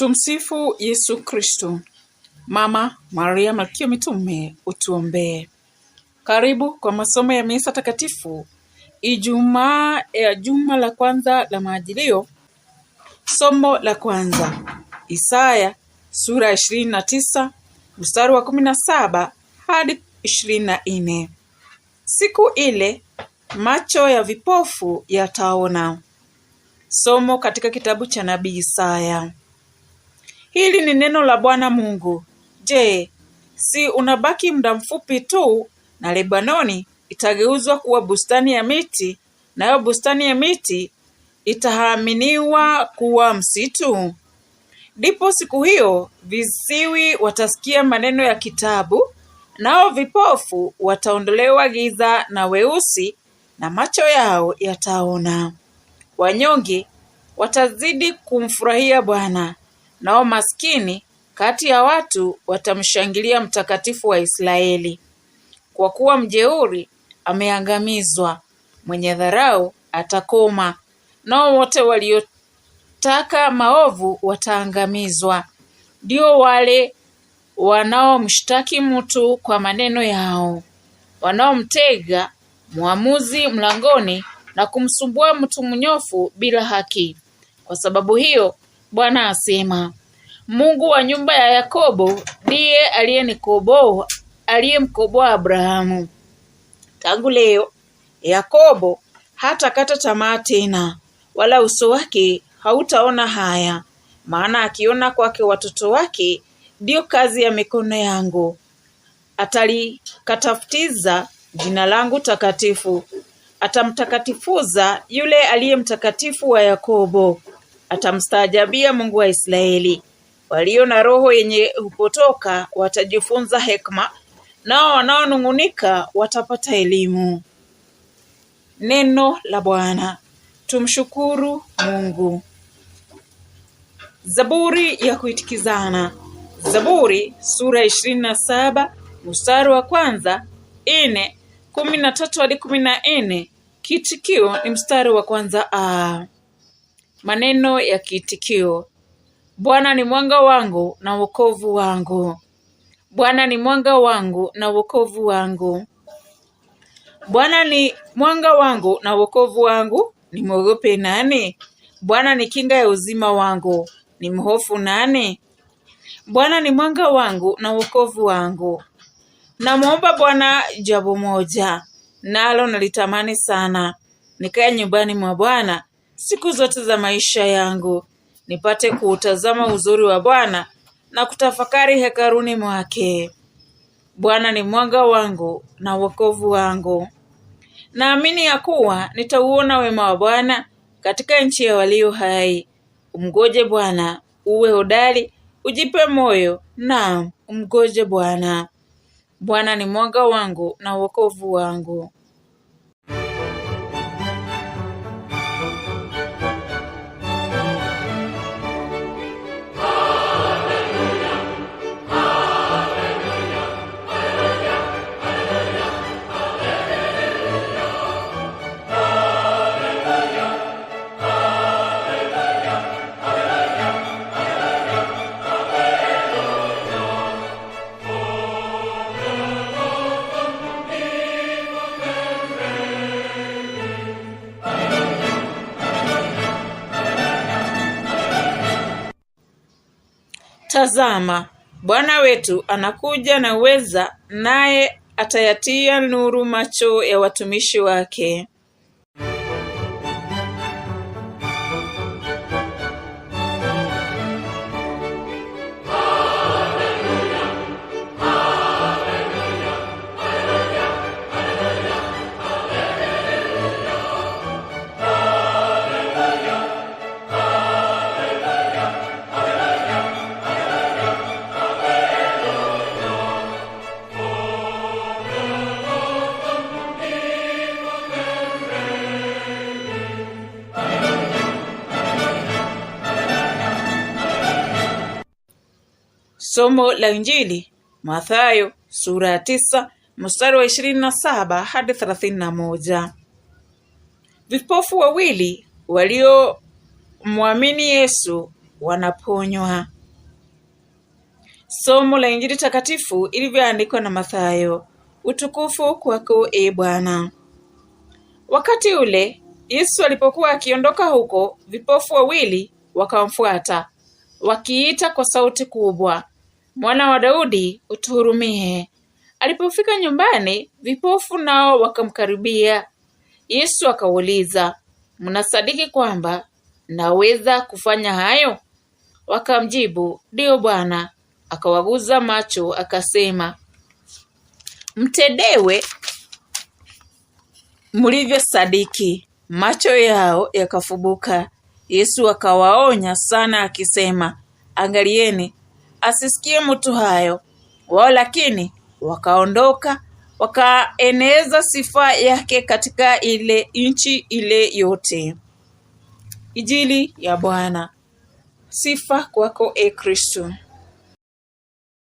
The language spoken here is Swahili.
Tumsifu Yesu Kristo. Mama Maria Malkia Mitume, utuombee. Karibu kwa masomo ya misa takatifu Ijumaa ya juma la kwanza la Maajilio. Somo la kwanza, Isaya sura ya ishirini na tisa mstari wa kumi na saba hadi ishirini na nne. Siku ile macho ya vipofu yataona. Somo katika kitabu cha nabii Isaya. Hili ni neno la Bwana Mungu. Je, si unabaki muda mfupi tu na Lebanoni itageuzwa kuwa bustani ya miti, nayo bustani ya miti itahaminiwa kuwa msitu? Ndipo siku hiyo viziwi watasikia maneno ya kitabu, nao vipofu wataondolewa giza na weusi, na macho yao yataona. Wanyonge watazidi kumfurahia Bwana, nao maskini kati ya watu watamshangilia mtakatifu wa Israeli. Kwa kuwa mjeuri ameangamizwa, mwenye dharau atakoma, nao wote waliotaka maovu wataangamizwa. Ndio wale wanaomshtaki mtu kwa maneno yao, wanaomtega mwamuzi mlangoni na kumsumbua mtu mnyofu bila haki. Kwa sababu hiyo Bwana asema, Mungu wa nyumba ya Yakobo ndiye aliyenikoboa, aliyemkoboa Abrahamu. Tangu leo Yakobo hatakata tamaa tena, wala uso wake hautaona haya, maana akiona kwake watoto wake ndiyo kazi ya mikono yangu. Atalikatafutiza jina langu takatifu, atamtakatifuza yule aliye mtakatifu wa Yakobo atamstaajabia Mungu wa Israeli. Walio na roho yenye upotoka watajifunza hekma, nao wanaonung'unika watapata elimu. Neno la Bwana. Tumshukuru Mungu. Zaburi ya kuitikizana. Zaburi sura ishirini na saba mstari wa kwanza nne kumi na tatu hadi kumi na nne kitikio ni mstari wa kwanza a Maneno ya kiitikio: Bwana ni mwanga wangu na wokovu wangu. Bwana ni mwanga wangu na wokovu wangu. Bwana ni mwanga wangu na wokovu wangu, ni mwogope nani? Bwana ni kinga ya uzima wangu, ni mhofu nani? Bwana ni mwanga wangu na wokovu wangu. Namwomba Bwana jambo moja, nalo nalitamani sana, nikae nyumbani mwa Bwana siku zote za maisha yangu, nipate kuutazama uzuri wa Bwana na kutafakari hekaruni mwake. Bwana ni mwanga wangu na wokovu wangu. Naamini ya kuwa nitauona wema wa Bwana katika nchi ya walio hai. Umgoje Bwana, uwe hodari, ujipe moyo, na umgoje Bwana. Bwana ni mwanga wangu na wokovu wangu. Tazama, Bwana wetu anakuja na uweza, naye atayatia nuru macho ya watumishi wake. Somo la Injili Mathayo sura ya tisa mstari wa ishirini na saba hadi thelathini na moja. Vipofu wawili waliomwamini Yesu wanaponywa. Somo la Injili takatifu ilivyoandikwa na Mathayo. Utukufu kwako e Bwana. Wakati ule Yesu alipokuwa akiondoka huko, vipofu wawili wakamfuata wakiita kwa sauti kubwa, mwana wa Daudi, utuhurumie. Alipofika nyumbani, vipofu nao wakamkaribia. Yesu akauliza, mnasadiki kwamba naweza kufanya hayo? Wakamjibu, ndiyo Bwana. Akawaguza macho akasema, mtedewe mlivyosadiki. Macho yao yakafubuka. Yesu akawaonya sana akisema, angalieni, asisikie mtu hayo. Wao lakini wakaondoka wakaeneza sifa yake katika ile nchi ile yote. ijili ya Bwana. Sifa kwako, e Kristo.